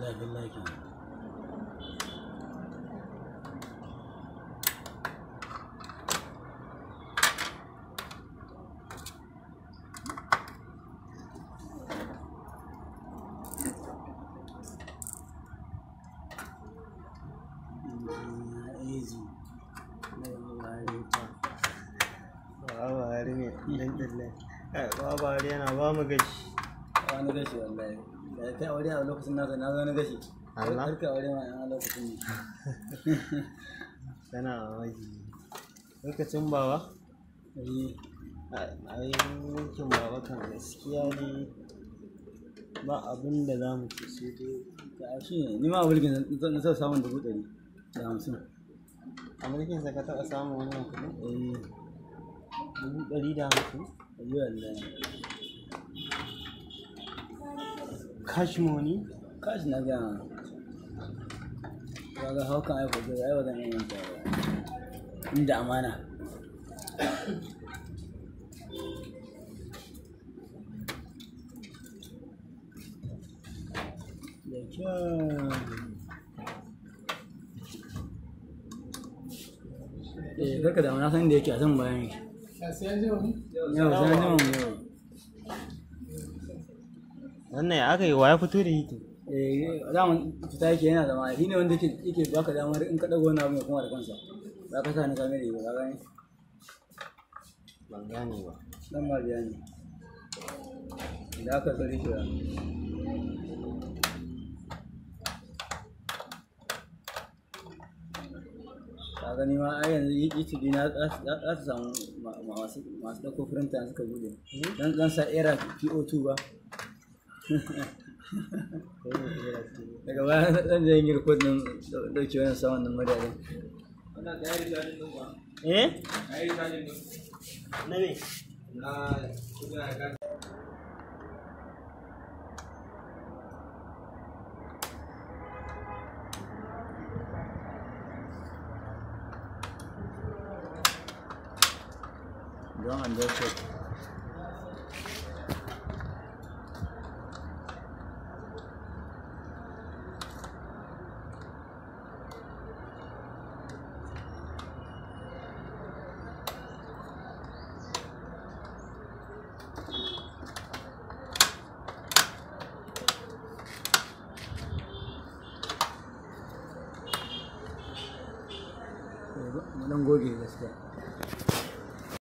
बिल्ला बिल्ला की బాగా ఆడియా నవామ గచ్చి wani gashi wallahi da kai aure a lokacin nasa na zo na gashi Allah karka aure ma a lokacin ne kana mamaki lokacin bawa eh. a yi mulkin bawa kan gaskiya ne ba abin da za mu ci sai dai ga shi ne ni ma mulkin na sa samun dubu ɗari da hamsin a mulkin sa ka taɓa samun wani kuɗi eh. dubu ɗari da hamsin wallahi Kashmoni? Kash na gyan. Waga haukan ai kwazo ai waga ne yanka inda amana. Da kyau. Eh, karka da amana san da yake a san bayan shi. Yau, sai an ji wani? Yau, sai an ji wani wannan ya aka yi wa ya fito da hito zaman eh, fita yake yana zama shi ne wanda yake baka damar in ka ɗago wani abu mai kuma da kansa za ka sa ni kame da ba ka gane ban gane ba dan ma biya ne da aka tsare shi ba ka ma ai yanzu youtube na za su samu masu ɗauko firinta suka bude hmm? dan sa era po2 ba daga baya dan zai yi rikodin dauki wani saman nan madadin eh na me Go on, go check. mun goge gaskiya